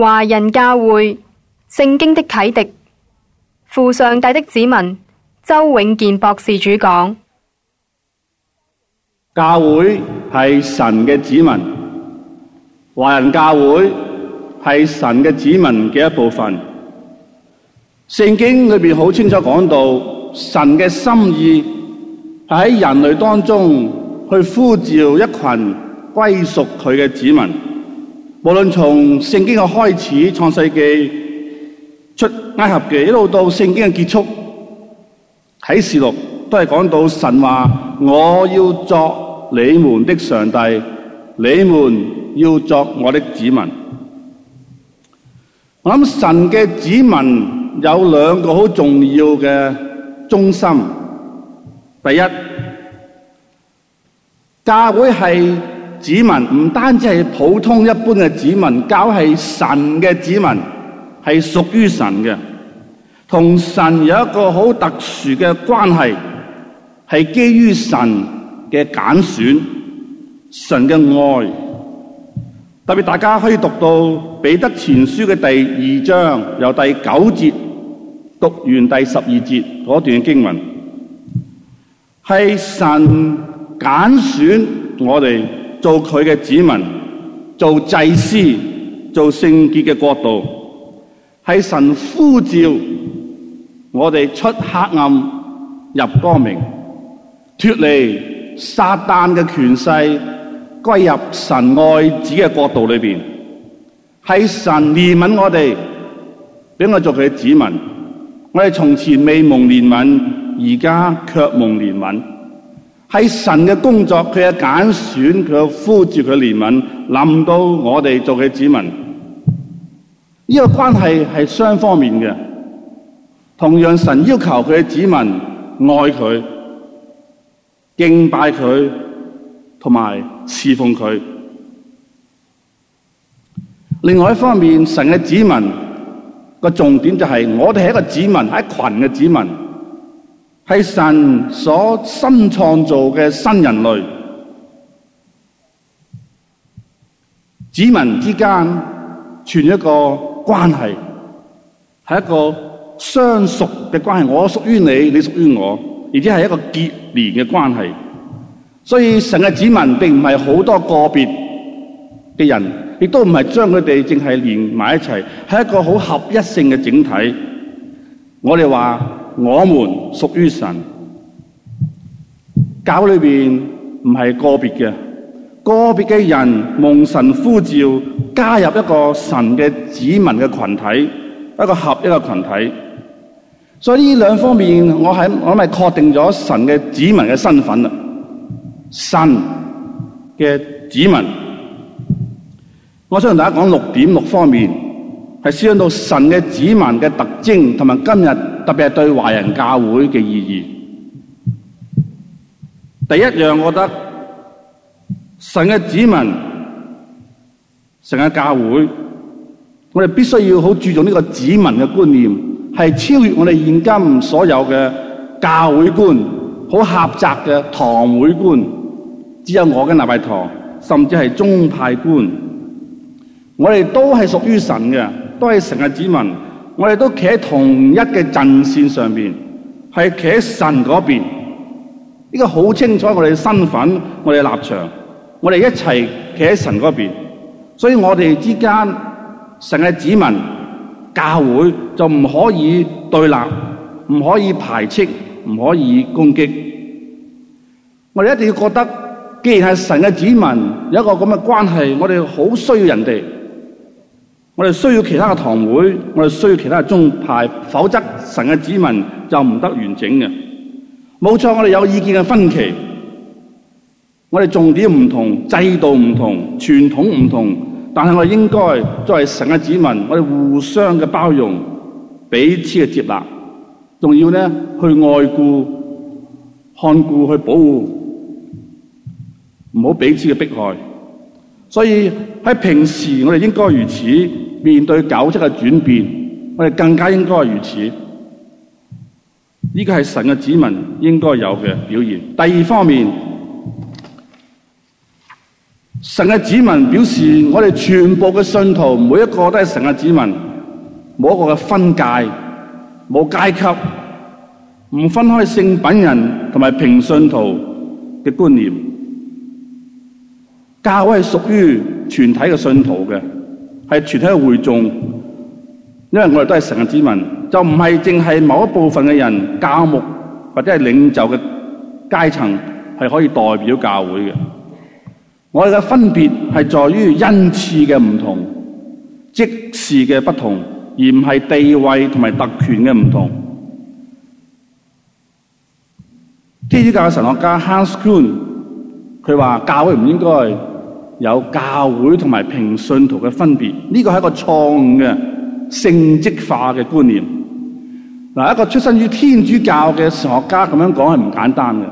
華人教會聖經的啟迪，父上帝的子民。周永健博士主講：教會係神嘅子民，華人教會係神嘅子民嘅一部分。聖經裏邊好清楚講到，神嘅心意係喺人類當中去呼召一群歸屬佢嘅子民。無論從聖經嘅開始，創世紀出埃及記，一路到聖經嘅結束啟示錄，都係講到神話，我要作你們的上帝，你們要作我的子民。我諗神嘅子民有兩個好重要嘅中心，第一教會係。子民唔單止係普通一般嘅子民，交係神嘅子民，係屬於神嘅，同神有一個好特殊嘅關係，係基於神嘅揀選，神嘅愛，特別大家可以讀到彼得前書嘅第二章由第九節讀完第十二節嗰段經文，係神揀選我哋，做佢嘅子民，做祭司，做聖潔嘅國度，係神呼召我哋出黑暗入光明，脫離撒旦嘅權勢，歸入神愛子嘅國度裏邊。係神憐憫我哋，俾我做佢嘅子民。我哋從前未蒙憐憫，而家卻蒙憐憫。係神嘅工作，佢嘅揀選，佢嘅呼召，佢憐憫，臨到我哋做嘅子民。呢、這個關係係雙方面嘅，同樣神要求佢嘅子民愛佢、敬拜佢、同埋侍奉佢。另外一方面，神嘅子民個重點就係、是、我哋係一個子民，係一群嘅子民。係神所新創造嘅新人類，子民之間存一個關係，係一個相屬嘅關係。我屬於你，你屬於我，而且係一個結連嘅關係。所以神嘅子民並唔係好多個別嘅人，亦都唔係將佢哋淨係連埋一齊，係一個好合一性嘅整體。我哋話。我們屬於神，教裏邊唔係個別嘅，個別嘅人蒙神呼召，加入一個神嘅子民嘅群體，一個合一個群體。所以呢兩方面，我喺我咪確定咗神嘅子民嘅身份啦，神嘅子民。我想同大家講六點六方面，係想到神嘅子民嘅特徵同埋今日，特別係對華人教會嘅意義。第一樣，我覺得神嘅子民，神嘅教會，我哋必須要好注重呢個子民嘅觀念，係超越我哋現今所有嘅教會觀，好狹窄嘅堂會觀，只有我嘅禮拜堂，甚至係宗派觀，我哋都係屬於神嘅，都係神嘅子民。我哋都企喺同一嘅陣線上面是神那邊，係企喺神嗰邊，呢個好清楚我哋身份、我哋立場，我哋一齊企喺神嗰邊，所以我哋之間神嘅子民教會就唔可以對立，唔可以排斥，唔可以攻擊。我哋一定要覺得，既然係神嘅子民，有一個咁嘅關係，我哋好需要人哋。我哋需要其他嘅堂會，我哋需要其他嘅宗派，否則神嘅子民就唔得完整嘅。冇錯，我哋有意見嘅分歧，我哋重點唔同，制度唔同，傳統唔同，但係我哋應該作為神嘅子民，我哋互相嘅包容，彼此嘅接納，仲要咧去愛顧、看顧、去保護，唔好彼此嘅迫害。所以喺平時我哋應該如此。面對九七嘅轉變，我哋更加應該如此。呢個係神嘅子民應該有嘅表現。第二方面，神嘅子民表示，我哋全部嘅信徒每一個都係神嘅子民，冇一個嘅分界，冇階級，唔分開聖品人同埋平信徒嘅觀念。教會係屬於全體嘅信徒嘅。係全體會眾，因為我哋都係神嘅子民，就唔係淨係某一部分嘅人，教牧或者係領袖嘅階層係可以代表教會嘅。我哋嘅分別係在於恩賜嘅唔同，職事嘅不同，而唔係地位同埋特權嘅唔同。基督教嘅神學家 Hans Küng 佢話教會唔應該。有教會同埋平信徒嘅分別，呢個係一個錯誤嘅聖職化嘅觀念。嗱，一個出身於天主教嘅神學家咁樣講係唔簡單嘅。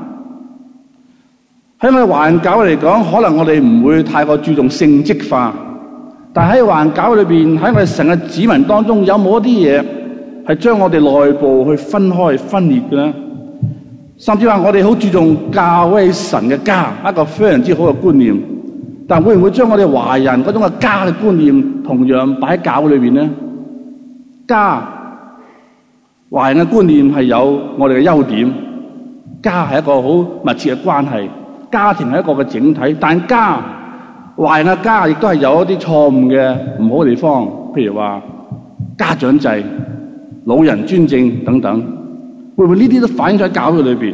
喺我哋環教嚟講，可能我哋唔會太過注重聖職化，但喺環教裏邊，喺我哋神嘅子民當中，有冇一啲嘢係將我哋內部去分開、分裂嘅咧？甚至話我哋好注重教會神嘅家，一個非常之好嘅觀念。但會唔會將我哋華人嗰種嘅家嘅觀念同樣擺喺教會裏邊咧？家華人嘅觀念係有我哋嘅優點，家係一個好密切嘅關係，家庭係一個嘅整體。但家華人嘅家亦都係有一啲錯誤嘅唔好嘅地方，譬如話家長制、老人專政等等，會唔會呢啲都反映咗喺教會裏邊？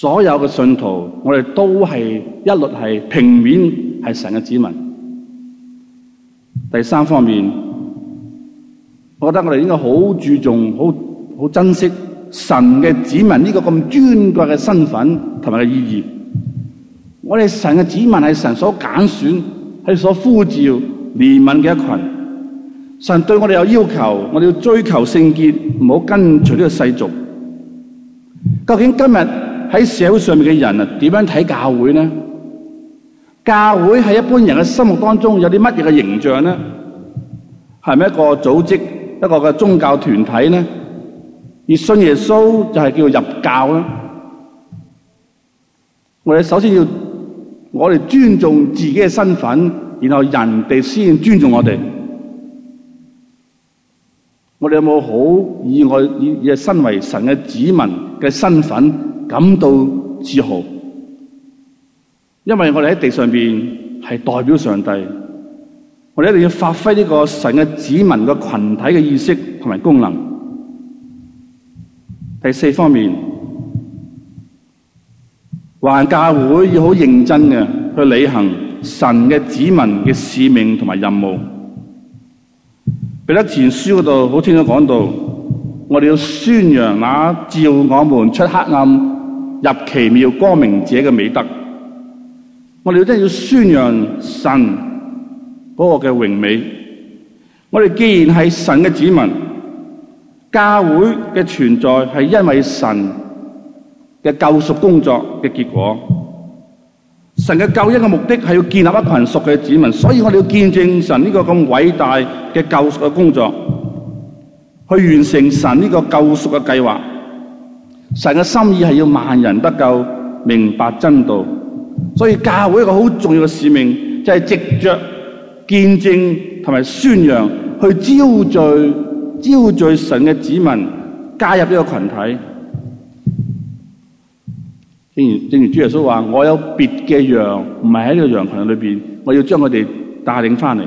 所有嘅信徒，我哋都係一律係平面，係神嘅子民。第三方面，我覺得我哋應該好注重、好好珍惜神嘅子民呢個咁尊貴嘅身份同埋嘅意義。我哋神嘅子民係神所揀選、係所呼召、憐憫嘅一群。神對我哋有要求，我哋要追求聖潔，唔好跟隨呢個世俗。究竟今日，喺社會上面嘅人啊，點樣睇教會呢？教會喺一般人嘅心目當中有啲乜嘢嘅形象呢？係咪一個組織，一個嘅宗教團體呢？而信耶穌就係叫入教啦。我哋首先要，我哋尊重自己嘅身份，然後人哋先尊重我哋。我哋有冇好以我以身為神嘅子民嘅身份？感到自豪，因為我哋喺地上邊係代表上帝，我哋一定要發揮呢個神嘅子民嘅群體嘅意識同埋功能。第四方面，華教會要好認真嘅去履行神嘅子民嘅使命同埋任務。彼得前書嗰度，好清楚講到，我哋要宣揚啊，召我們出黑暗。入奇妙光明者嘅美德，我哋真係要宣揚神嗰個嘅榮美。我哋既然係神嘅子民，教會嘅存在係因為神嘅救贖工作嘅結果。神嘅救恩嘅目的係要建立一群屬嘅子民，所以我哋要見證神呢個咁偉大嘅救贖嘅工作，去完成神呢個救贖嘅計劃。神嘅心意係要萬人得救，明白真道。所以教會一個好重要嘅使命，就係藉着見證同埋宣揚，去招聚、招聚神嘅子民加入呢個群體。正如正如主耶穌話：我有別嘅羊唔係喺呢個羊群裏邊，我要將佢哋帶領翻嚟。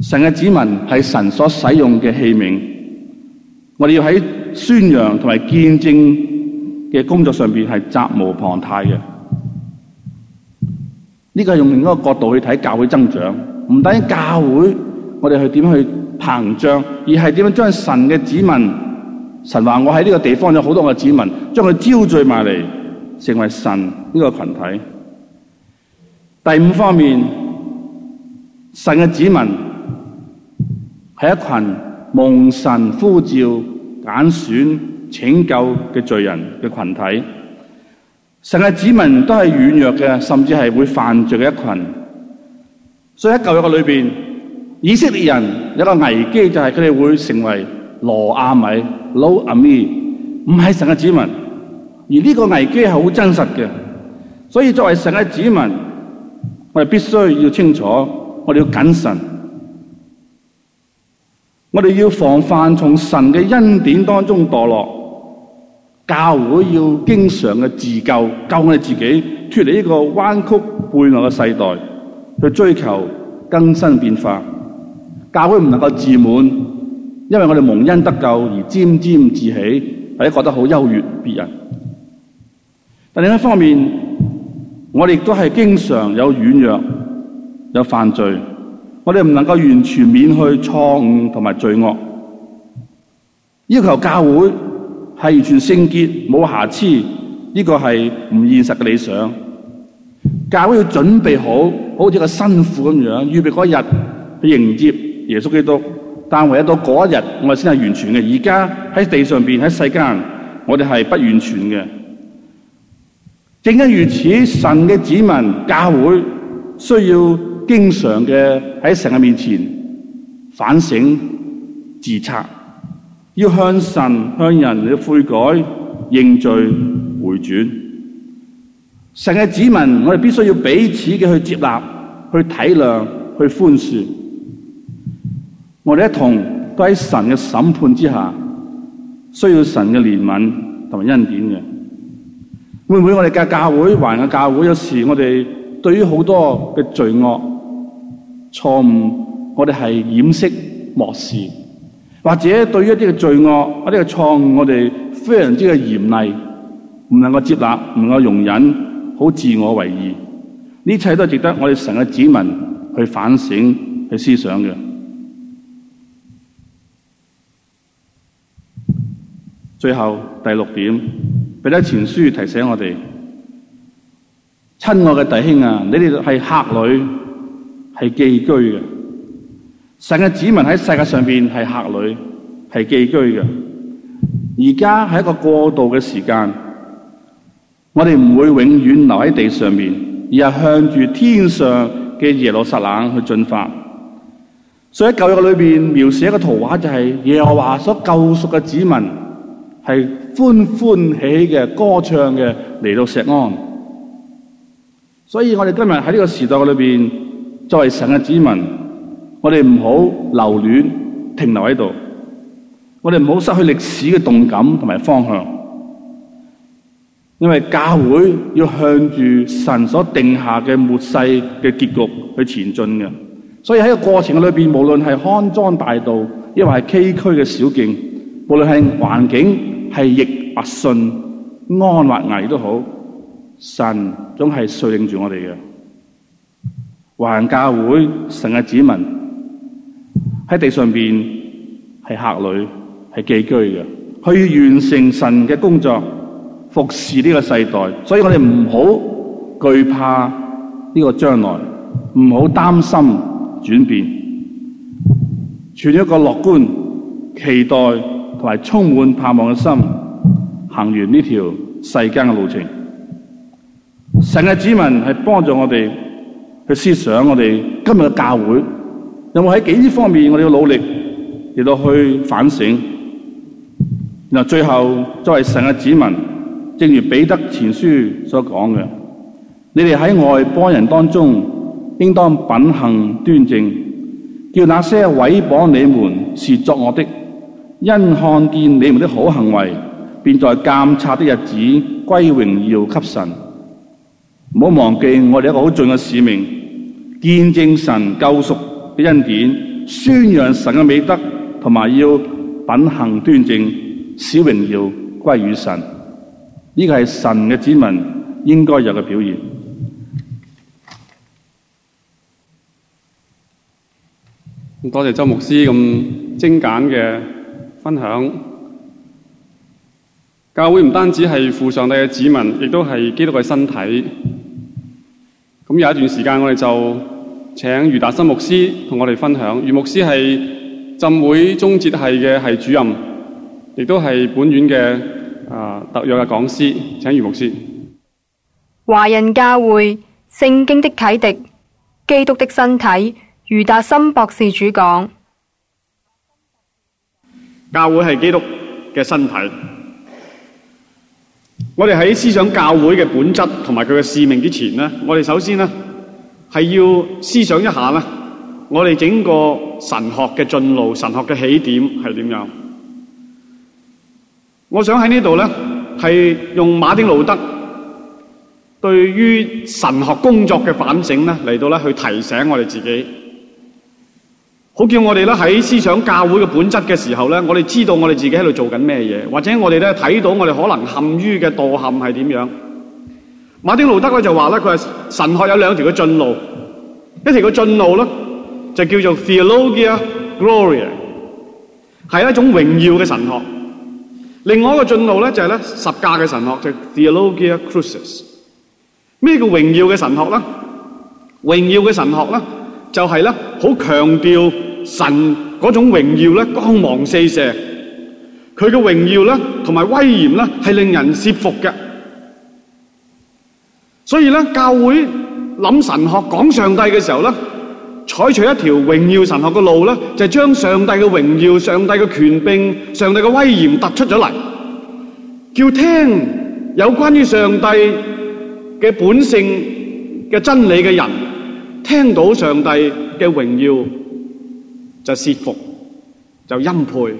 神嘅子民係神所使用嘅器皿。我哋要喺宣揚同埋見證嘅工作上邊係責無旁貸嘅。呢個係用另一個角度去睇教會增長，唔單止教會，我哋係點樣去膨脹，而係點樣將神嘅子民，神話我喺呢個地方有好多嘅子民，將佢招聚埋嚟，成為神呢個群體。第五方面，神嘅子民係一群。蒙神呼召揀選拯救嘅罪人嘅群體，神嘅子民都係軟弱嘅，甚至係會犯罪嘅一群。所以喺舊約嘅裏邊，以色列人有一個危機就係佢哋會成為羅阿米、老阿咪，唔係神嘅子民。而呢個危機係好真實嘅，所以作為神嘅子民，我哋必須要清楚，我哋要謹慎。我哋要防範從神嘅恩典當中墮落，教會要經常嘅自救，救我哋自己脫離呢個彎曲悖逆嘅世代，去追求更新變化。教會唔能夠自滿，因為我哋蒙恩得救而沾沾自喜，或者覺得好優越別人。但另一方面，我哋亦都係經常有軟弱，有犯罪。我哋唔能夠完全免去錯誤同埋罪惡，要求教會係完全聖潔、冇瑕疵，呢、這個係唔現實嘅理想。教會要準備好，好似個新婦咁樣預備嗰日去迎接耶穌基督。但唯一到嗰一日，我哋先係完全嘅。而家喺地上邊喺世間，我哋係不完全嘅。正因如此，神嘅子民教會需要，經常嘅喺神嘅面前反省自察，要向神向人要悔改認罪回轉。神嘅子民，我哋必須要彼此嘅去接納、去體諒、去寬恕。我哋一同都喺神嘅審判之下，需要神嘅憐憫同埋恩典嘅。會唔會我哋嘅教會，還嘅教會，有時我哋對於好多嘅罪惡，錯誤，我哋係掩飾漠視，或者對於一啲嘅罪惡、一啲嘅錯誤，我哋非常之嘅嚴厲，唔能夠接納，唔能夠容忍，好自我為義。呢一切都值得我哋神嘅子民去反省、去思想嘅。最後第六點，彼得前書提醒我哋：親愛嘅弟兄啊，你哋係客旅。係寄居嘅，神嘅子民喺世界上邊係客旅，係寄居嘅。而家係一個過渡嘅時間，我哋唔會永遠留喺地上面，而係向住天上嘅耶路撒冷去進發。所以喺舊約裏邊描寫一個圖畫，就係耶和華所救贖嘅子民係歡歡喜喜嘅歌唱嘅嚟到錫安。所以我哋今日喺呢個時代裏邊。作為神嘅子民，我哋唔好留戀停留喺度，我哋唔好失去歷史嘅動感同埋方向。因為教會要向住神所定下嘅末世嘅結局去前進嘅，所以喺個過程裏邊，無論係康莊大道，抑或係崎嶇嘅小徑，無論係環境係逆或順、安或危都好，神總係率領住我哋嘅。環教會神嘅子民喺地上邊係客旅，係寄居嘅，去完成神嘅工作，服侍呢個世代。所以我哋唔好懼怕呢個將來，唔好擔心轉變，存一個樂觀、期待同埋充滿盼望嘅心，行完呢條世間嘅路程。神嘅子民係幫助我哋，去思想我哋今日嘅教會有冇喺幾啲方面我哋要努力，亦都去反省。嗱後，最後作為神嘅子民，正如彼得前書所講嘅，你哋喺外邦人當中，應當品行端正，叫那些毀謗你們是作惡的，因看見你們的好行為，便在監察的日子歸榮耀給神。唔好忘記，我哋一個好重嘅使命，見證神救贖嘅恩典，宣揚神嘅美德，同埋要品行端正，使榮耀歸於神。呢個係神嘅子民應該有嘅表現。咁多謝周牧師咁精簡嘅分享。教會唔單止係父上帝嘅子民，亦都係基督嘅身體。咁有一段時間，我哋就請余達心牧師同我哋分享。余牧師係浸會宗哲系嘅系主任，亦都係本院嘅、啊、呃、特約嘅講師，請余牧師。華人教會聖經的啟迪，基督的身體，余達心博士主講。教會係基督嘅身體。我哋喺思想教會嘅本質同埋佢嘅使命之前咧，我哋首先咧係要思想一下呢，我哋整個神學嘅進路、神學嘅起點係點樣？我想喺呢度咧，係用馬丁路德對於神學工作嘅反省咧，嚟到咧去提醒我哋自己。好叫我哋咧喺思想教會嘅本質嘅時候咧，我哋知道我哋自己喺度做緊咩嘢，或者我哋咧睇到我哋可能陷於嘅墮陷係點樣？馬丁路德咧就話咧佢係神學有兩條嘅進路，一條嘅進路咧就叫做 Theologia Gloria，係一種榮耀嘅神學，另外一個進路咧就係咧十架嘅神學，就係 Theologia Crucis。咩叫榮耀嘅神學咧？榮耀嘅神學咧，就係咧好強調。神嗰種榮耀咧，光芒四射；佢嘅榮耀咧，同埋威嚴咧，係令人折服嘅。所以咧，教會諗神學講上帝嘅時候咧，採取一條榮耀神學嘅路咧，就係將上帝嘅榮耀、上帝嘅權柄、上帝嘅威嚴突出咗嚟，叫聽有關於上帝嘅本性嘅真理嘅人聽到上帝嘅榮耀就懾服，就欽佩，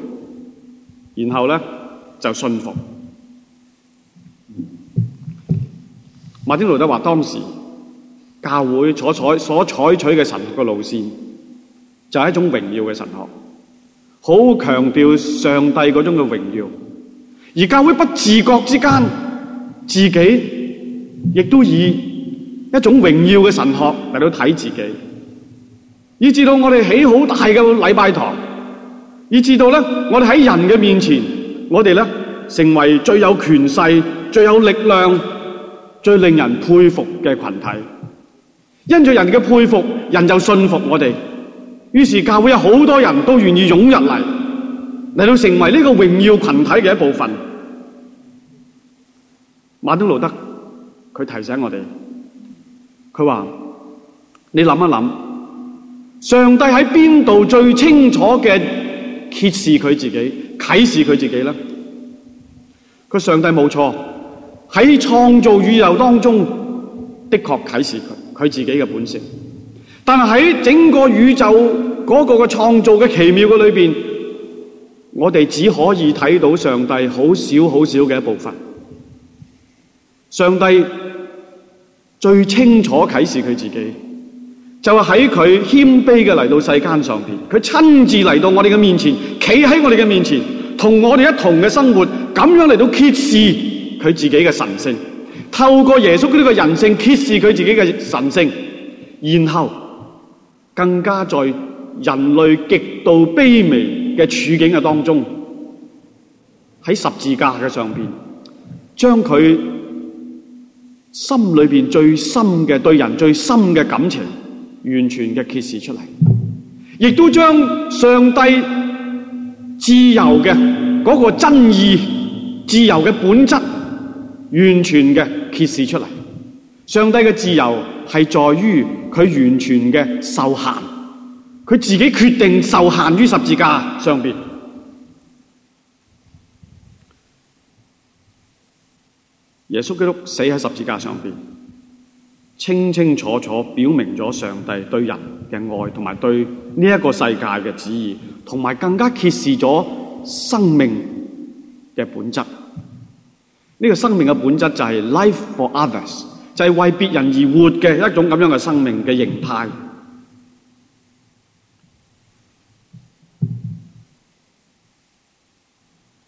然後咧就信服。馬丁路德話：當時教會所採所採取嘅神學嘅路線，就係一種榮耀嘅神學，好強調上帝嗰種嘅榮耀。而教會不自覺之間，自己亦都以一種榮耀嘅神學嚟到睇自己。以至到我哋起好大嘅禮拜堂，以至到咧，我哋喺人嘅面前，我哋咧成為最有權勢、最有力量、最令人佩服嘅群體。因着人嘅佩服，人就信服我哋，於是教會有好多人都願意湧入嚟，嚟到成為呢個榮耀群體嘅一部分。馬丁路德佢提醒我哋，佢話：你諗一諗。上帝喺邊度最清楚嘅揭示佢自己、啟示佢自己咧？佢上帝冇錯，喺創造宇宙當中的確啟示佢佢自己嘅本性。但係喺整個宇宙嗰個嘅創造嘅奇妙嘅裏邊，我哋只可以睇到上帝好少好少嘅一部分。上帝最清楚啟示佢自己。就係喺佢謙卑嘅嚟到世間上面，佢親自嚟到我哋嘅面前，企喺我哋嘅面前，同我哋一同嘅生活，咁樣嚟到揭示佢自己嘅神性。透過耶穌呢個人性，揭示佢自己嘅神性，然後更加在人類極度卑微嘅處境嘅當中，喺十字架嘅上面，將佢心裏面最深嘅，對人最深嘅感情。完全嘅揭示出嚟，亦都將上帝自由嘅嗰個真義、自由嘅本質，完全嘅揭示出嚟。上帝嘅自由係在於佢完全嘅受限，佢自己決定受限於十字架上邊。耶穌基督死喺十字架上邊。清清楚楚表明咗上帝對人嘅愛，同埋對呢一個世界嘅旨意，同埋更加揭示咗生命嘅本質。呢個生命嘅本質就係 life for others，就係為別人而活嘅一種咁樣嘅生命嘅形態。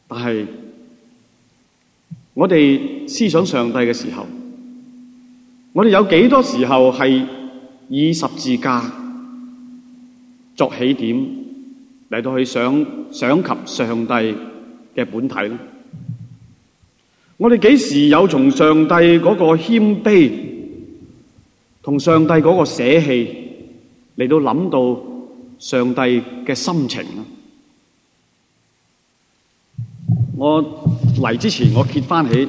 但係我哋思想上帝嘅時候。我哋有幾多時候係以十字架作起點嚟到去想想及上帝嘅本體咧？我哋幾時有從上帝嗰個謙卑同上帝嗰個捨棄嚟到諗到上帝嘅心情咧？我嚟之前，我揭翻起。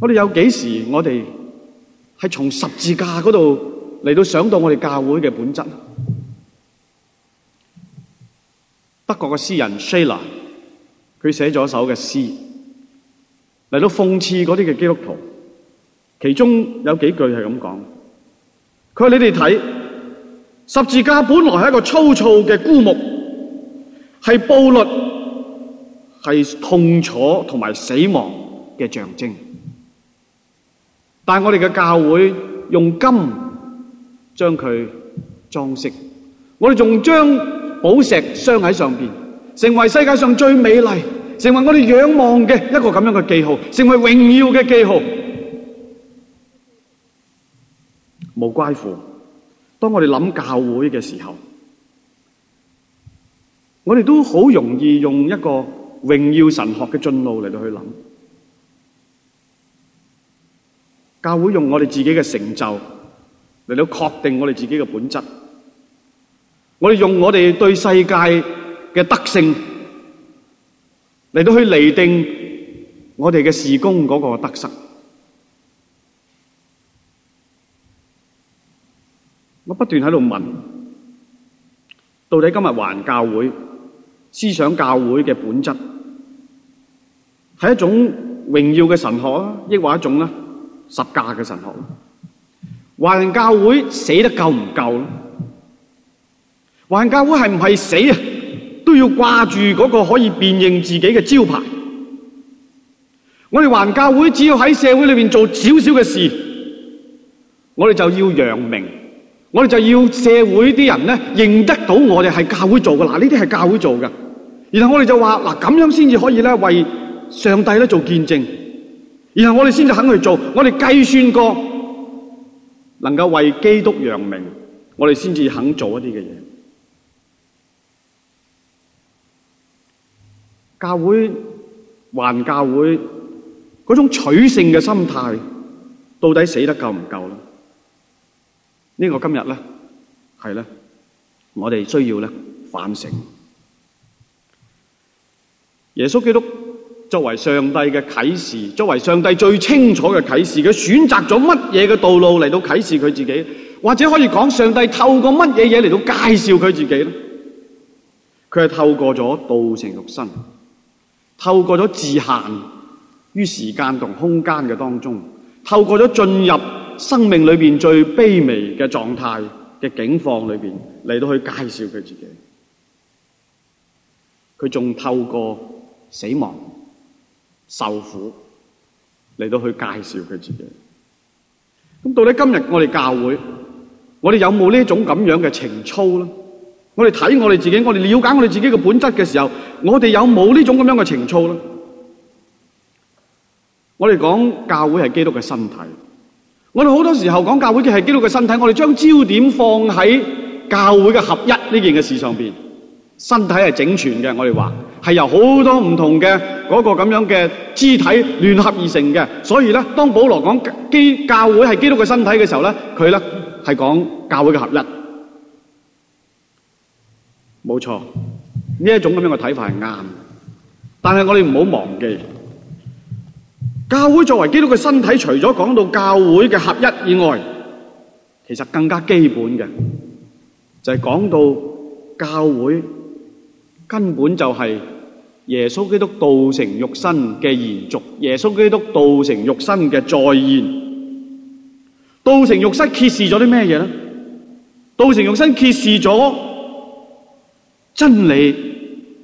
我哋有幾時？我哋係從十字架嗰度嚟到想到我哋教會嘅本質？德國嘅詩人 Shela 佢寫咗一首嘅詩嚟到諷刺嗰啲嘅基督徒，其中有幾句係咁講：佢話你哋睇十字架本來係一個粗糙嘅枯木，係暴虐、係痛楚同埋死亡嘅象徵。但係我哋嘅教會用金將佢裝飾，我哋仲將寶石鑲喺上邊，成為世界上最美麗，成為我哋仰望嘅一個咁樣嘅記號，成為榮耀嘅記號。無怪乎，當我哋諗教會嘅時候，我哋都好容易用一個榮耀神學嘅進路嚟到去諗。教會用我哋自己嘅成就嚟到確定我哋自己嘅本質，我哋用我哋對世界嘅德性嚟到去釐定我哋嘅事工嗰個得失。我不斷喺度問，到底今日華人教會思想教會嘅本質係一種榮耀嘅神學啊，抑或一種啊？十架嘅神號，環教會死得夠唔夠？環教會係唔係死啊？都要掛住嗰個可以辨認自己嘅招牌。我哋環教會只要喺社會裏邊做少少嘅事，我哋就要揚名，我哋就要社會啲人咧認得到我哋係教會做嘅。嗱，呢啲係教會做嘅，然後我哋就話嗱，咁樣先至可以咧為上帝咧做見證。然後我哋先至肯去做，我哋計算過能夠為基督揚名，我哋先至肯做一啲嘅嘢。教會還教會嗰種取勝嘅心態，到底死得夠唔夠咧？呢個今日咧，係咧，我哋需要咧反省。耶穌基督。作為上帝嘅啟示，作為上帝最清楚嘅啟示，佢選擇咗乜嘢嘅道路嚟到啟示佢自己，或者可以講上帝透過乜嘢嘢嚟到介紹佢自己咧？佢係透過咗道成肉身，透過咗自限於時間同空間嘅當中，透過咗進入生命裏邊最卑微嘅狀態嘅境況裏邊嚟到去介紹佢自己。佢仲透過死亡。受苦嚟到去介紹佢自己，咁到底今日我哋教會，我哋有冇呢種咁樣嘅情操咧？我哋睇我哋自己，我哋了解我哋自己嘅本質嘅時候，我哋有冇呢種咁樣嘅情操咧？我哋講教會係基督嘅身體，我哋好多時候講教會係基督嘅身體，我哋將焦點放喺教會嘅合一呢件嘅事上面，身體係整全嘅，我哋話。係由好多唔同嘅嗰個咁樣嘅肢體聯合而成嘅，所以咧，當保羅講教會係基督嘅身體嘅時候咧，佢咧係講教會嘅合一，冇錯，呢一種咁樣嘅睇法係啱。但係我哋唔好忘記，教會作為基督嘅身體，除咗講到教會嘅合一以外，其實更加基本嘅就係講到教會根本就係耶穌基督道成肉身嘅延續，耶穌基督道成肉身嘅再現，道成肉身揭示咗啲咩嘢呢？道成肉身揭示咗真理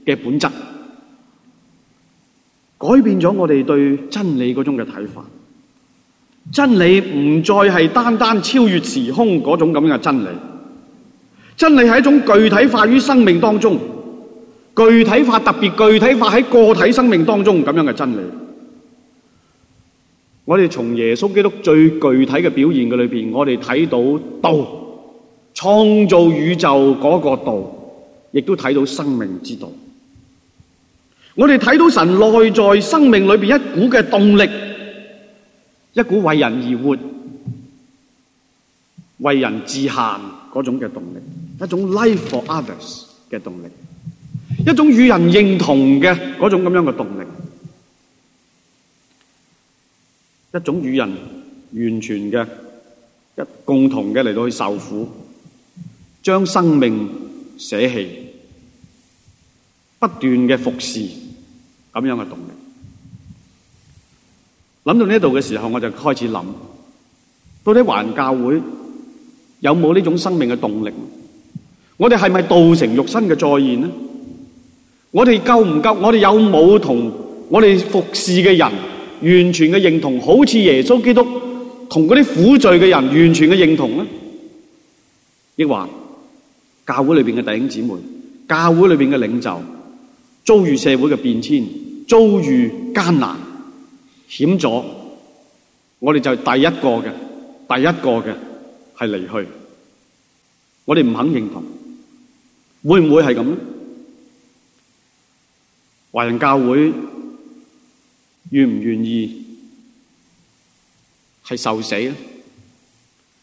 嘅本質，改變咗我哋對真理嗰種嘅睇法。真理唔再係單單超越時空嗰種咁嘅真理，真理係一種具體化於生命當中。具體化，特別具體化喺個體生命當中咁樣嘅真理，我哋從耶穌基督最具體嘅表現嘅裏邊，我哋睇到道創造宇宙嗰個道，亦都睇到生命之道。我哋睇到神內在生命裏邊一股嘅動力，一股為人而活、為人自限嗰種嘅動力，一種 life for others 嘅動力。一種與人認同嘅，嗰種噉樣嘅動力。一種與人完全嘅，一共同嘅嚟到去受苦，將生命捨棄，不斷嘅服侍，噉樣嘅動力。諗到呢度嘅時候，我就開始諗，到底還教會，有冇呢種生命嘅動力？我哋係咪道成肉身嘅再現？我哋夠唔夠？我哋有冇同我哋服侍嘅人完全嘅認同？好似耶穌基督同嗰啲苦罪嘅人完全嘅認同咧？抑或教會裏邊嘅弟兄姊妹，教會裏邊嘅領袖遭遇社會嘅變遷，遭遇艱難險阻，我哋就係第一個嘅，第一個嘅係離去。我哋唔肯認同，會唔會係咁咧？華人教會願唔願意係受死咧？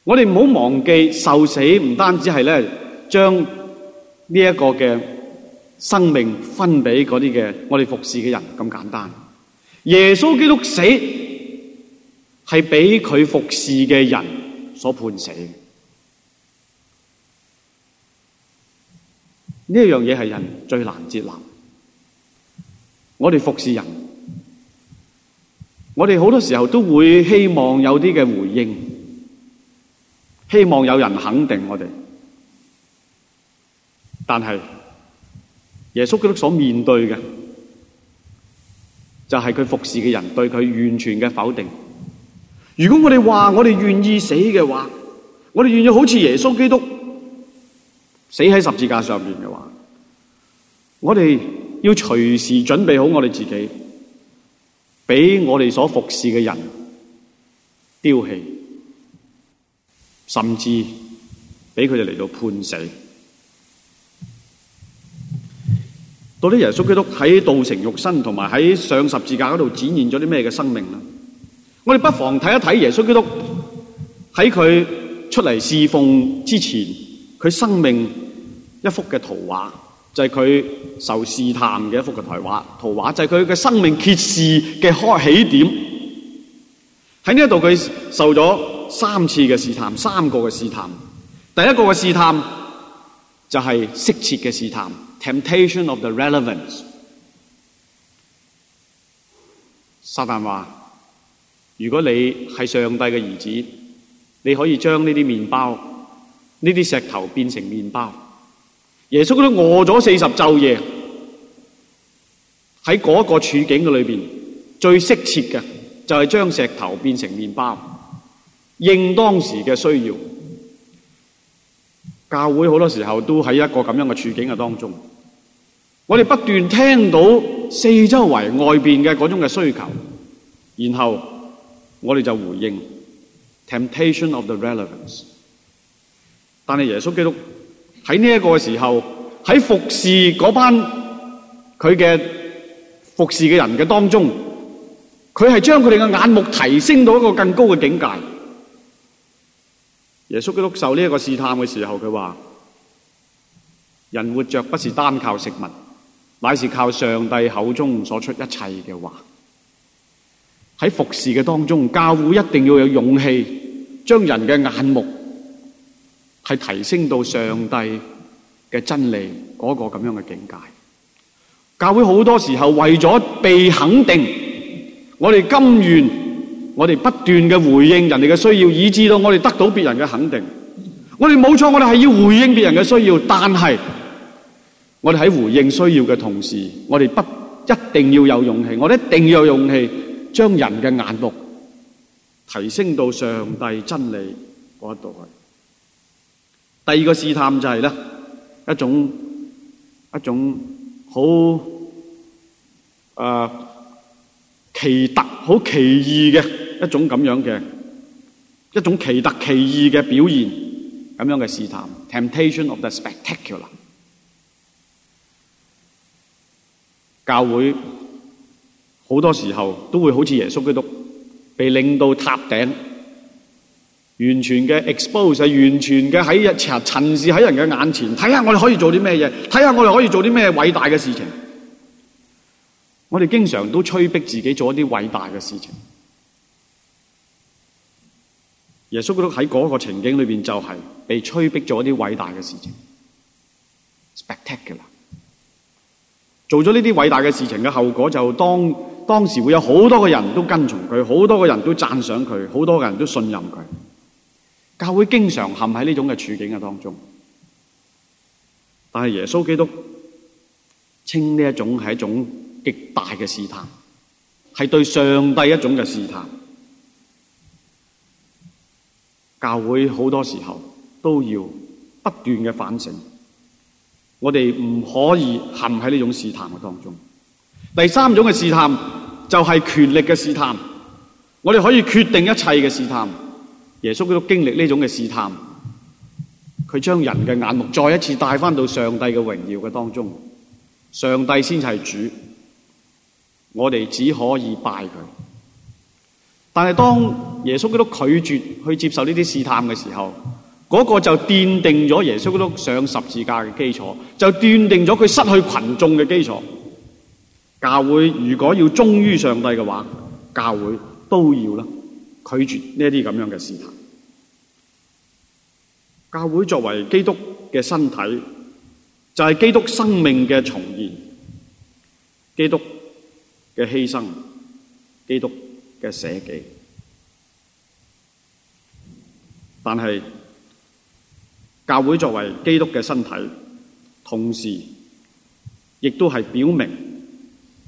我哋唔好忘記受死唔單止係咧，將呢一個嘅生命分俾嗰啲嘅我哋服侍嘅人咁簡單。耶穌基督死係俾佢服侍嘅人所判死嘅。呢一樣嘢係人最難接納。我哋服侍人，我哋好多時候都會希望有啲嘅回應，希望有人肯定我哋。但係耶穌基督所面對嘅，就係佢服侍嘅人對佢完全嘅否定。如果我哋話我哋願意死嘅話，我哋願意好似耶穌基督死喺十字架上邊嘅話，我哋，要隨時準備好我哋自己，俾我哋所服侍嘅人丟棄，甚至俾佢哋嚟到判死。到底耶穌基督喺道成肉身，同埋喺上十字架嗰度展現咗啲咩嘅生命呢？我哋不妨睇一睇耶穌基督喺佢出嚟侍奉之前，佢生命一幅嘅圖畫。就係、是、佢受試探嘅一幅嘅台畫圖畫，就係佢嘅生命揭示嘅開起點。喺呢一度佢受咗三次嘅試探，三個嘅試探。第一個嘅試探就係適切嘅試探 （temptation of the relevance）。撒旦話：如果你係上帝嘅兒子，你可以將呢啲麵包、呢啲石頭變成麵包。耶穌都餓咗四十晝夜，喺嗰個處境嘅裏邊，最適切嘅就係將石頭變成麵包，應當時嘅需要。教會好多時候都喺一個咁樣嘅處境嘅當中，我哋不斷聽到四周圍外邊嘅嗰種嘅需求，然後我哋就回應 Temptation of the relevance。但係耶穌基督。喺呢一個時候，喺服侍嗰班佢嘅服侍嘅人嘅當中，佢係將佢哋嘅眼目提升到一個更高嘅境界。耶穌基督受呢一個試探嘅時候，佢話：人活着不是單靠食物，乃是靠上帝口中所出一切嘅話。喺服侍嘅當中，教會一定要有勇氣，將人嘅眼目。係提升到上帝嘅真理嗰個咁樣嘅境界。 第二個試探就係咧，一種一種好誒奇特，好奇異嘅一種咁樣嘅一種奇特，奇異嘅表現，咁樣嘅試探。Temptation of the spectacular，教會好多時候都會好似耶穌基督被領到塔頂。完全嘅 expose，係完全嘅喺日日沉思喺人嘅眼前，睇下我哋可以做啲咩嘢，睇下我哋可以做啲咩偉大嘅事情。我哋經常都催逼自己做一啲偉大嘅事情。耶穌都喺嗰個情景裏邊就係被催逼做一啲偉大嘅事情，spectacular。做咗呢啲偉大嘅事情嘅後果就當當時會有好多個人都跟從佢，好多個人都讚賞佢，好多個人都信任佢。教會經常陷喺呢種嘅處境嘅當中，但係耶穌基督稱呢一種係一種極大嘅試探，係對上帝一種嘅試探。教會好多時候都要不斷嘅反省，我哋唔可以陷喺呢種試探嘅當中。第三種嘅試探就係權力嘅試探，我哋可以決定一切嘅試探。耶穌基督經歷呢種嘅試探，佢將人嘅眼目再一次帶翻到上帝嘅榮耀嘅當中，上帝先係主，我哋只可以拜佢。但係當耶穌基督拒絕去接受呢啲試探嘅時候，嗰個就奠定咗耶穌基督上十字架嘅基礎，就奠定咗佢失去群眾嘅基礎。教會如果要忠於上帝嘅話，教會都要啦。拒絕呢一啲咁樣嘅事態，教會作為基督嘅身體，就係基督生命嘅重現，基督嘅犧牲，基督嘅捨己。但係教會作為基督嘅身體，同時亦都係表明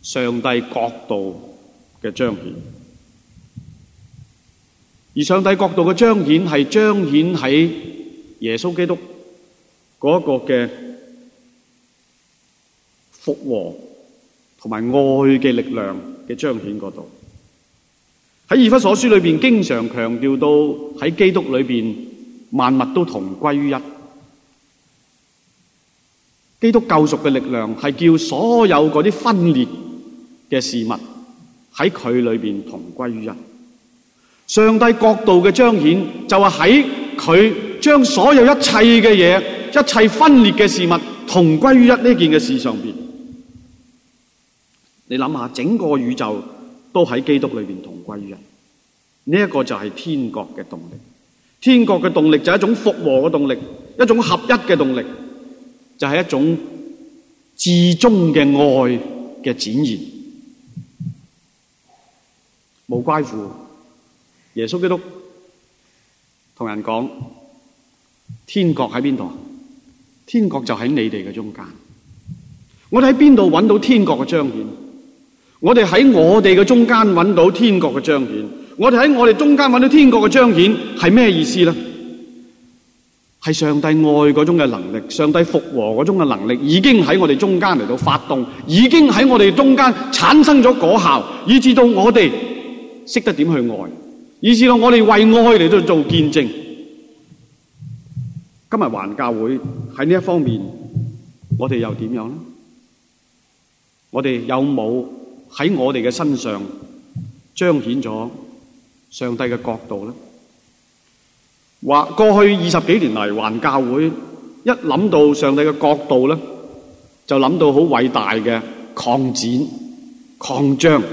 上帝國度嘅彰顯。而上帝角度嘅彰顯係彰顯喺耶穌基督嗰個嘅復和同埋愛嘅力量嘅彰顯嗰度。喺以弗所書裏邊，經常強調到喺基督裏邊，萬物都同歸於一。基督救贖嘅力量係叫所有嗰啲分裂嘅事物喺佢裏邊同歸於一。上帝角度嘅彰顯就係喺佢將所有一切嘅嘢、一切分裂嘅事物同歸於一呢件嘅事上邊。你諗下，整個宇宙都喺基督裏邊同歸於一，呢、這、一個就係天國嘅動力。天國嘅動力就係一種復和嘅動力，一種合一嘅動力，就係、是、一種至終嘅愛嘅展現。冇關乎。耶穌基督同人講：天國喺邊度？天國就喺你哋嘅中間。我哋喺邊度揾到天國嘅彰顯？我哋喺我哋嘅中間揾到天國嘅彰顯。我哋喺我哋中間揾到天國嘅彰顯係咩意思咧？係上帝愛嗰種嘅能力，上帝復和嗰種嘅能力，已經喺我哋中間嚟到發動，已經喺我哋中間產生咗果效，以至到我哋識得點去愛。意思我哋為愛嚟到做見證，今日環教會喺呢一方面我，我哋又點樣咧？我哋有冇喺我哋嘅身上彰顯咗上帝嘅國度咧？話過去二十幾年嚟，環教會一諗到上帝嘅國度咧，就諗到好偉大嘅擴展擴張。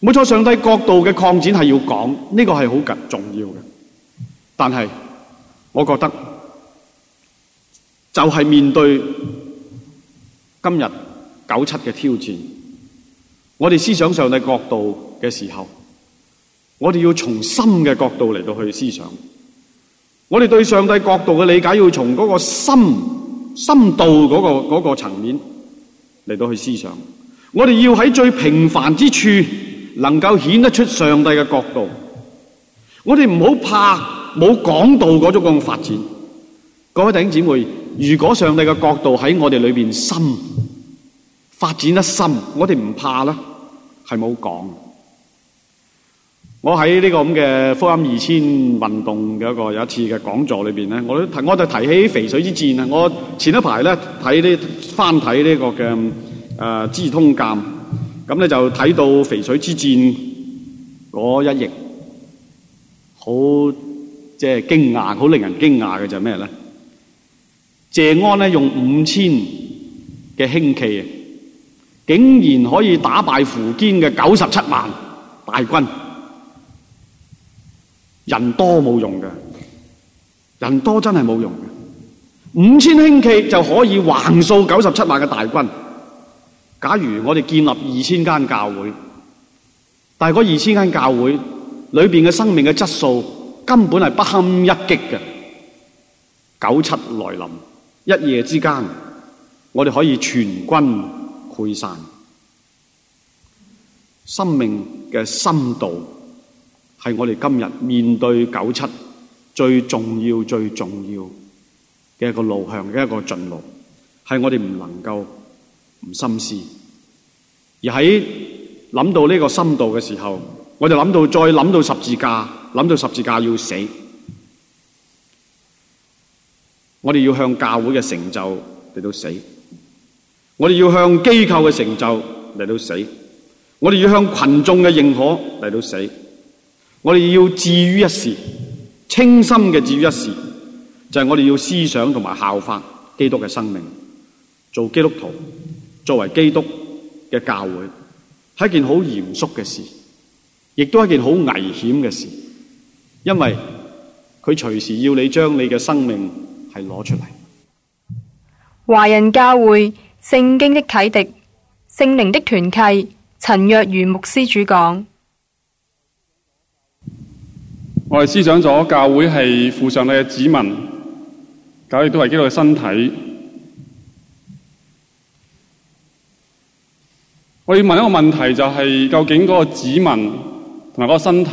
冇錯，上帝角度嘅擴展係要講，呢個係好重要嘅。但係我覺得，就係面對今日九七嘅挑戰，我哋思想上帝角度嘅時候，我哋要從心嘅角度嚟到去思想。我哋對上帝角度嘅理解要從嗰個心深，深度嗰、嗰個、嗰個層面嚟到去思想。我哋要喺最平凡之處，能夠顯得出上帝嘅角度，我哋唔好怕冇講道嗰種咁嘅發展。各位弟兄姊妹，如果上帝嘅角度喺我哋裏邊深發展得深，我哋唔怕啦，係冇講。我喺呢個咁嘅福音二千運動嘅一個有一次嘅講座裏邊咧，我都提我就提起肥水之戰啊！我前一排咧睇呢，翻睇呢個嘅誒資通鑑。咁咧就睇到肥水之戰嗰一役，好即係驚訝，好、就是、令人驚訝嘅就係咩咧？謝安呢用五千嘅輕騎，竟然可以打敗苻堅嘅九十七萬大軍。人多冇用嘅，人多真係冇用嘅。五千輕騎就可以橫掃九十七萬嘅大軍。假如我哋建立二千間教會，但係嗰二千間教會裏邊嘅生命嘅質素根本係不堪一擊嘅，九七來臨，一夜之間，我哋可以全軍潰散。生命嘅深度係我哋今日面對九七最重要、最重要嘅一個路向嘅一個進路，係我哋唔能夠。唔心思，而喺諗到呢個深度嘅時候，我就諗到再諗到十字架，諗到十字架要死。我哋要向教會嘅成就嚟到死，我哋要向機構嘅成就嚟到死，我哋要向群眾嘅認可嚟到死，我哋要至於一事，清心嘅至於一事，就係我哋要思想同埋效法基督嘅生命，做基督徒。作為基督嘅教會，係一件好嚴肅嘅事，亦都係一件好危險嘅事，因為佢隨時要你將你嘅生命係攞出嚟。華人教會，聖經的啟迪，聖靈的團契，陳若愚牧師主講。我哋思想咗教會係父上帝嘅子民，咁亦都係基督嘅身體。我要問一個問題，就是，就係究竟嗰個子民同埋嗰個身體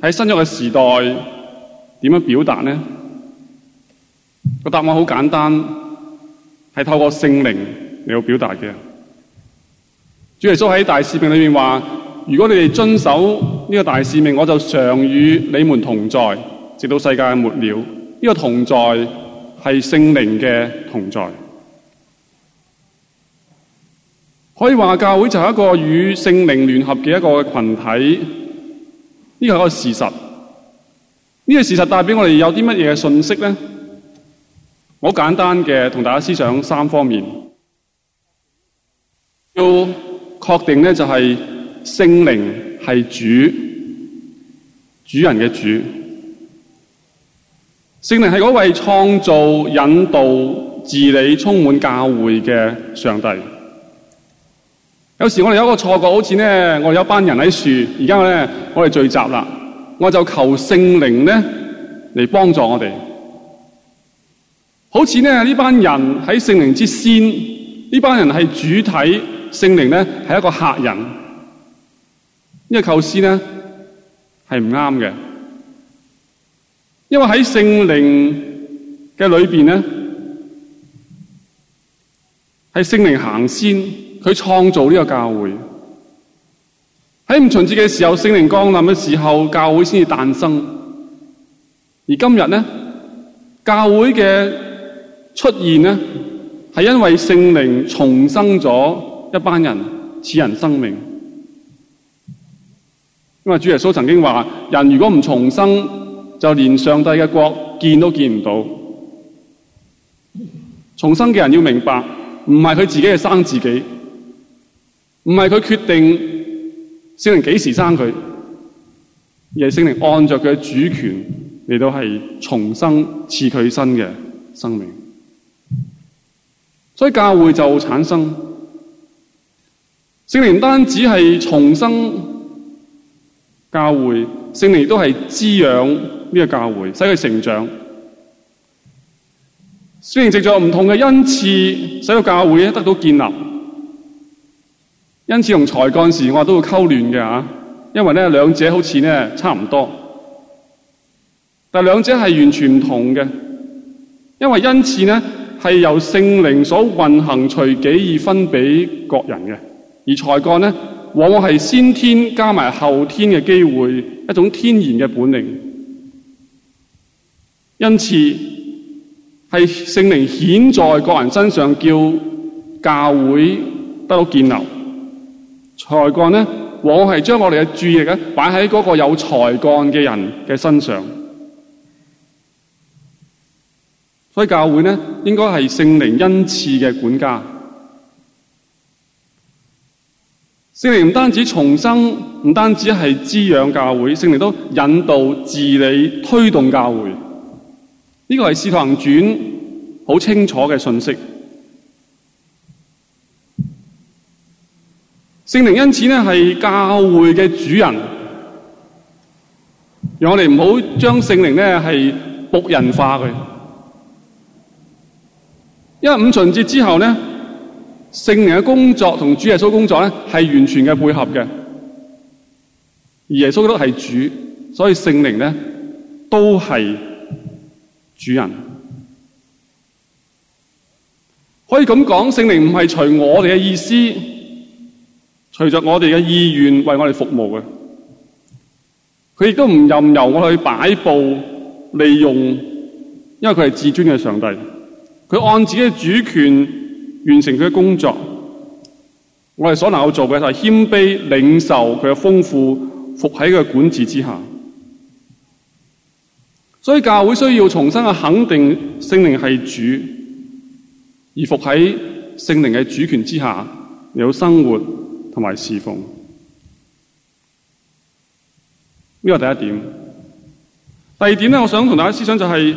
喺新約嘅時代點樣表達呢？個答案好簡單，係透過聖靈嚟到表達嘅。主耶穌喺大使命裏面話：如果你哋遵守呢個大使命，我就常與你們同在，直到世界的末了。呢、這個同在係聖靈嘅同在。可以話教會就係一個與聖靈聯合嘅一個群體，呢個係一個事實。呢個事實帶俾我哋有啲乜嘢嘅信息呢？我簡單嘅，同大家思想三方面，要確定呢，就係聖靈係主，主人嘅主。聖靈係嗰位創造、引導、治理、充滿教會嘅上帝。有時我哋有一個錯覺，好似咧，我哋有班人喺樹，而家咧我哋聚集啦，我就求聖靈咧嚟幫助我哋。好似咧呢班人喺聖靈之先，呢班人係主體，聖靈咧係一個客人。這個，呢個構思咧係唔啱嘅，因為喺聖靈嘅裏邊咧，係聖靈行先。佢創造呢個教會。喺五旬節嘅時候，聖靈降臨嘅時候，教會先至誕生。而今日咧，教會嘅出現咧，係因為聖靈重生咗一班人，賜人生命。因為主耶穌曾經話，人如果唔重生，就連上帝嘅國見都見唔到。重生嘅人要明白，唔係佢自己係生自己。唔係佢決定聖靈幾時生佢，而係聖靈按着佢嘅主權嚟到係重生賜佢新嘅生命。所以教會就產生聖靈。唔單止係重生教會，聖靈亦都係滋養這個教會，使佢成長。聖靈藉着唔同嘅恩賜，使個教會得到建立。因此，同才幹時我都會勾亂的啊，因為呢兩者好似呢差唔多，但兩者係完全唔同嘅。因為恩賜呢係由聖靈所運行，隨己而分俾各人嘅；而才幹呢，往往係先天加埋後天嘅機會，一種天然嘅本領。恩賜，係聖靈顯在各人身上，叫教會得到建立。才幹呢，往往係將我哋嘅注意力咧擺喺嗰個有才幹嘅人嘅身上。所以教會呢，應該係聖靈恩賜嘅管家。聖靈唔單止重生，唔單止係滋養教會，聖靈都引導、治理、推動教會。呢、這個係《使徒行傳》好清楚嘅信息。聖靈因此咧，係教會嘅主人，讓我哋唔好將聖靈咧，係僕人化佢。因為五旬節之後咧，聖靈嘅工作同主耶穌工作咧，係完全嘅配合嘅，而耶穌都係主，所以聖靈咧都係主人。可以咁講，聖靈唔係隨我哋嘅意思，隨着我哋嘅意願為我哋服務嘅，佢亦都唔任由我去擺布、利用，因為佢係至尊嘅上帝。佢按自己嘅主權完成佢嘅工作，我哋所能夠做嘅就係謙卑領受佢嘅豐富，伏喺佢嘅管治之下。所以教會需要重新去肯定聖靈係主，而伏喺聖靈嘅主權之下嚟到生活同埋侍奉，呢個第一點。第二點咧，我想同大家思想就係、是、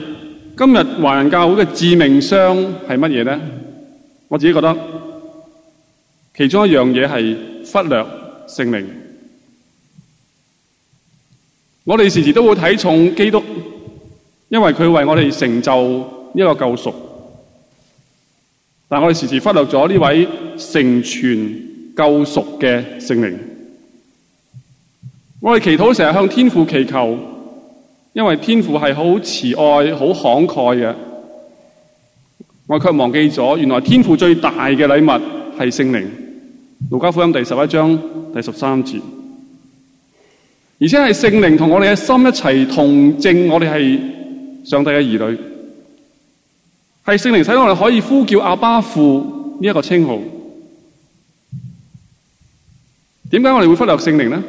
今日華人教會嘅致命傷係乜嘢咧？我自己覺得，其中一樣嘢係忽略聖靈。我哋時時都會睇重基督，因為佢為我哋成就呢個救贖。但係我哋時時忽略咗呢位成全。救贖嘅聖靈，我哋祈禱成日向天父祈求，因為天父係好慈愛、好慷慨嘅，我卻忘記咗原來天父最大嘅禮物係聖靈。路加福音第十一章第十三節。而且係聖靈同我哋嘅心一齊同證，我哋係上帝嘅兒女，係聖靈使我哋可以呼叫阿爸父呢一個稱號。點解我哋會忽略聖靈咧？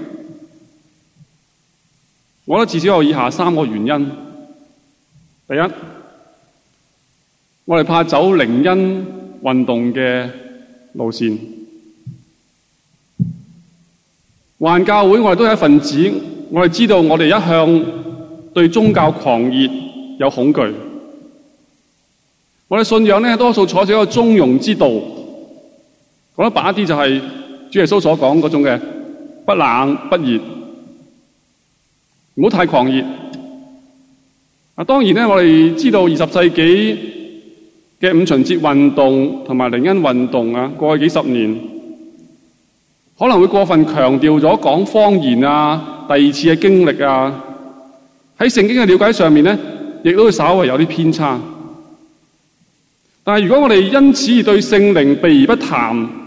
我覺得至少有以下三個原因：第一，我哋怕走靈恩運動嘅路線。環教會我哋都係一份子，我哋知道我哋一向對宗教狂熱有恐懼。我哋信仰咧多數採取一個中庸之道，講得白啲就係、是。主耶穌所講嗰種嘅不冷不熱，唔好太狂熱。啊，當然咧，我哋知道二十世紀嘅五旬節運動同埋靈恩運動啊，過去幾十年可能會過分強調咗講方言啊、第二次嘅經歷啊，喺聖經嘅了解上面咧，亦都會稍微有啲偏差。但係如果我哋因此而對聖靈避而不談，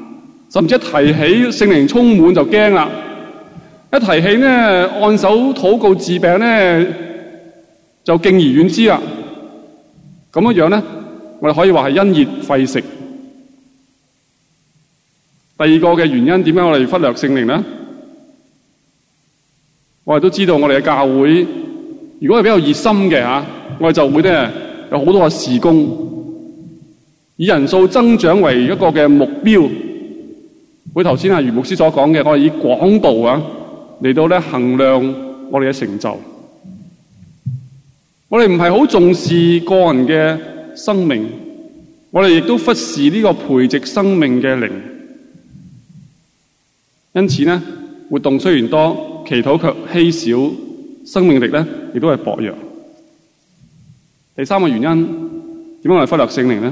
甚至一提起聖靈充滿就驚啦，一提起呢按手禱告治病呢就敬而遠之喇！咁樣樣呢，我哋可以話係因熱廢食。第二個嘅原因點解我哋忽略聖靈呢？我哋都知道我哋嘅教會，如果係比較熱心嘅吓，我哋就會呢有好多嘅事工，以人數增長為一個嘅目標。佢頭先阿余牧師所講嘅，我哋以廣度啊嚟到咧衡量我哋嘅成就。我哋唔係好重視個人嘅生命，我哋亦都忽視呢個培植生命嘅靈。因此咧，活動雖然多，祈禱却稀少，生命力咧亦都係薄弱。第三個原因，點解我哋忽略聖靈咧？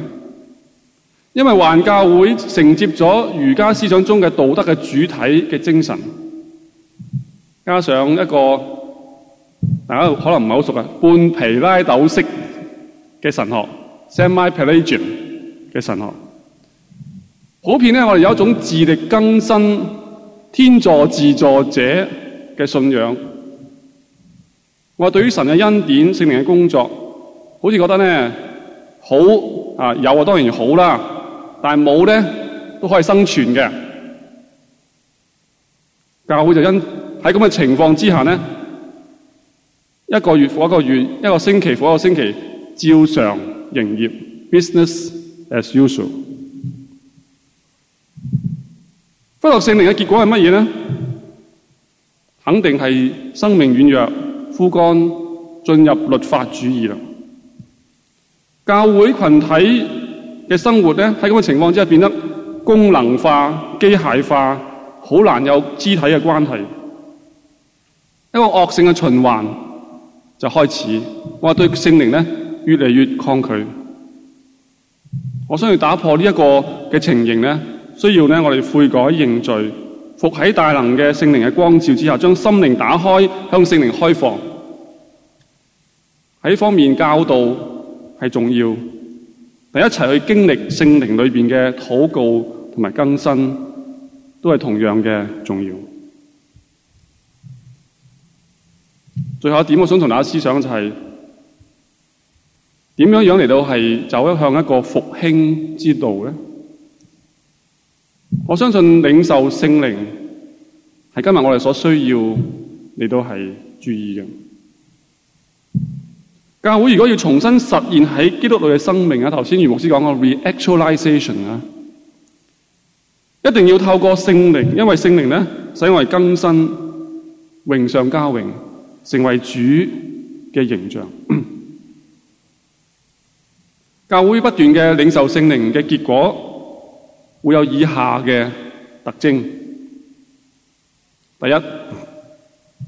因為華人教會承接咗儒家思想中嘅道德嘅主體嘅精神，加上一個大家可能唔係好熟嘅半皮拉斗式嘅神學 （Semi-Pelagian） 嘅神學，普遍咧我哋有一種自力更生、天助自助者嘅信仰。我對於神嘅恩典、聖靈嘅工作，好似覺得咧好啊，有啊，當然好啦。但係冇咧都可以生存嘅，教會就因喺咁嘅情況之下咧，一個月復一個月，一個星期復一個星期，照常營業，Business as usual。忽略聖靈嘅結果係乜嘢咧？肯定係生命軟弱、枯乾、進入律法主義啦。教會群體嘅生活咧，喺咁嘅情況之下，變得功能化、機械化，好難有肢體嘅關係。一個惡性嘅循環就開始。我哋對聖靈咧越嚟越抗拒。我想要打破呢一個嘅情形咧，需要咧我哋悔改認罪，伏喺大能嘅聖靈嘅光照之下，將心靈打開，向聖靈開放。喺方面教導係重要。一齊去經歷聖靈裏面嘅禱告同埋更新，都是同樣嘅重要。最後一點，我想同大家思想就是點樣樣嚟到係走向一個復興之道呢？我相信領受聖靈是今日我哋所需要，你都是注意的。教會如果要重新實現喺基督裏嘅生命啊，頭先余牧師講嘅 reactualization 啊，一定要透過聖靈，因為聖靈咧使我哋更新，榮上加榮，成為主嘅形象。教會不斷嘅領受聖靈嘅結果，會有以下嘅特徵：第一，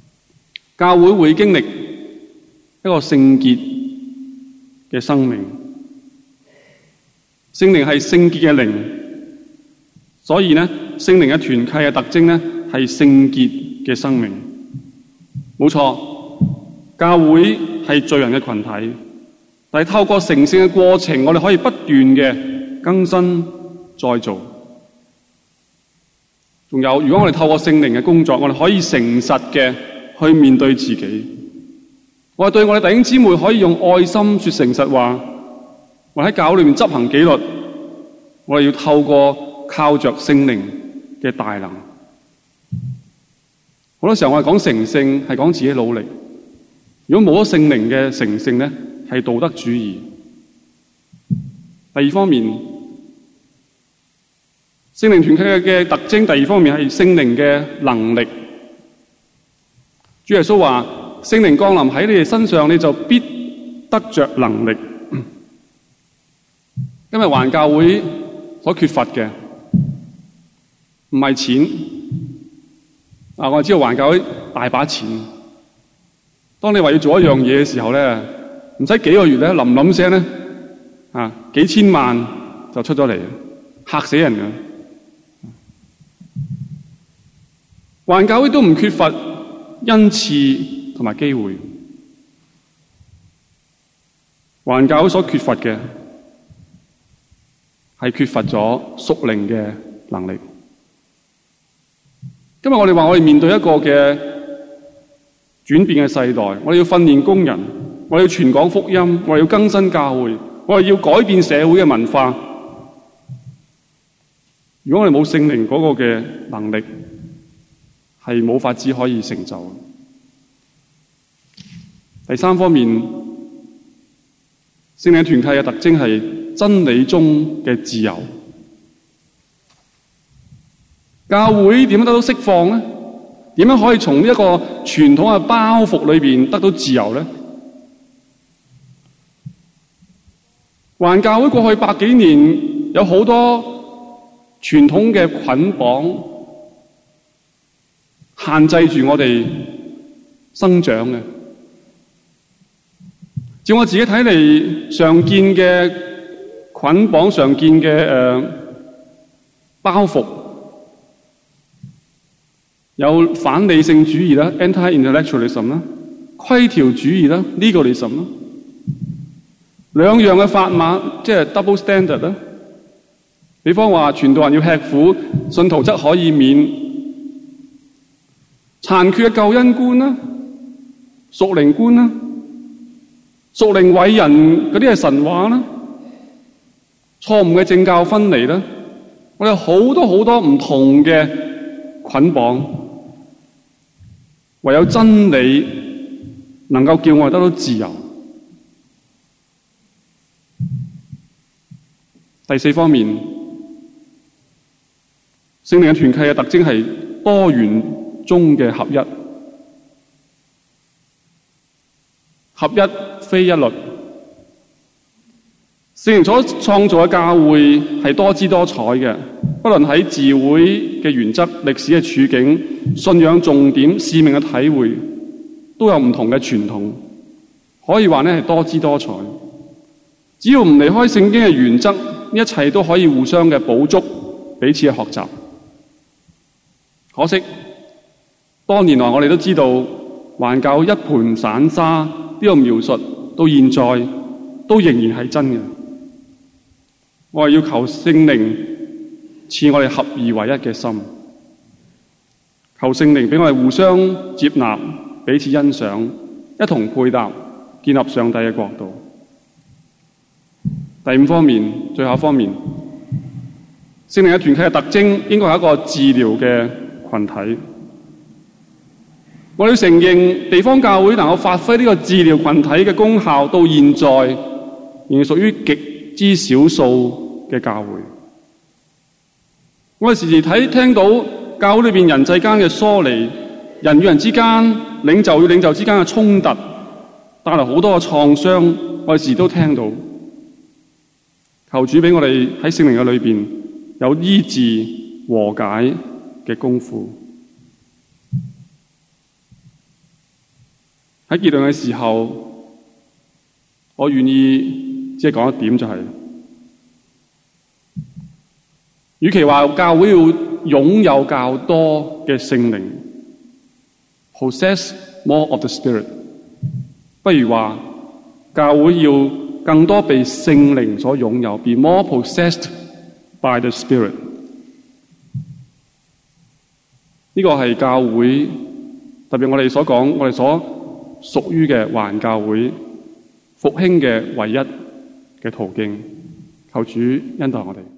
教會會經歷一個聖潔嘅生命，聖靈係聖潔嘅靈，所以呢，聖靈嘅團契嘅特徵呢，係聖潔嘅生命，冇錯。教會係罪人嘅群體，但係透過成聖嘅過程，我哋可以不斷嘅更新再做。仲有，如果我哋透過聖靈嘅工作，我哋可以誠實嘅去面對自己。我哋對我哋弟兄姊妹可以用愛心說誠實話，我喺教會裏面執行紀律，我哋要透過靠着聖靈嘅大能。好多時候我哋講成聖，係講自己努力。如果冇咗聖靈嘅成聖呢，咧，係道德主義。第二方面，聖靈團契嘅特徵，第二方面係聖靈嘅能力。主耶穌話。聖靈降臨喺你哋身上，你就必得着能力。因為環教會所缺乏嘅唔係錢啊！我知道環教會大把錢。當你話要做一樣嘢嘅時候咧，唔使幾個月咧，林林聲咧啊，幾千萬就出咗嚟，嚇死人嘅。環教會都唔缺乏，恩賜，同埋機會，環教所缺乏嘅係缺乏咗屬靈嘅能力。今日我哋話，我哋面對一個嘅轉變嘅世代，我哋要訓練工人，我哋要傳講福音，我哋要更新教會，我哋要改變社會嘅文化。如果我哋冇聖靈嗰個嘅能力，係冇法子可以成就。第三方面，聖靈團契嘅特徵係真理中嘅自由。教會點樣得到釋放呢？點樣可以從一個傳統嘅包袱裏面得到自由呢？環教會過去百幾年有好多傳統嘅捆綁，限制住我哋生長嘅。照我自己睇嚟，常見嘅捆綁、常見嘅誒、呃、包袱，有反理性主義啦、anti-intellectualism 啦、規條主義啦、legalism 啦，兩樣嘅法碼，即係 double standard 啦。比方話，傳道人要吃苦，信徒則可以免殘缺嘅救恩觀啦、屬靈觀啦。屬靈偉人嗰啲係神話啦，錯誤嘅政教分離啦，我哋好多好多唔同嘅捆綁，唯有真理能夠叫我哋得到自由。第四方面，聖靈嘅團契嘅特徵係多元中嘅合一，合一。非一律，聖靈所創造嘅教會係多姿多彩嘅。不論喺智會嘅原則、歷史嘅處境、信仰重點、使命嘅體會，都有唔同嘅傳統，可以話呢係多姿多彩。只要唔離開聖經嘅原則，一切都可以互相嘅補足，彼此嘅學習。可惜，多年來我哋都知道，華教一盤散沙呢個描述，到現在都仍然係真嘅，我係要求聖靈賜我哋合二為一嘅心，求聖靈俾我哋互相接納、彼此欣賞、一同配搭，建立上帝嘅國度。第五方面，最後方面，聖靈嘅團契嘅特徵應該係一個治療嘅群體。我哋承認，地方教會能夠發揮呢個治療群體嘅功效，到現在仍然屬於極之少數嘅教會。我哋時時睇聽到教會裏邊人際間嘅疏離，人與人之間，領袖與領袖之間嘅衝突，帶來好多嘅創傷。我哋時時都聽到，求主俾我哋喺聖靈嘅裏邊有醫治和解嘅功夫。喺結論嘅時候，我願意只係講一點，就是，就係，與其話教會要擁有較多嘅聖靈，Possess more of the spirit，不如話教會要更多被聖靈所擁有，be more possessed by the spirit。呢個係教會特別我哋所講，我哋所。屬於嘅環教會復興嘅唯一嘅途徑，求主恩待我哋。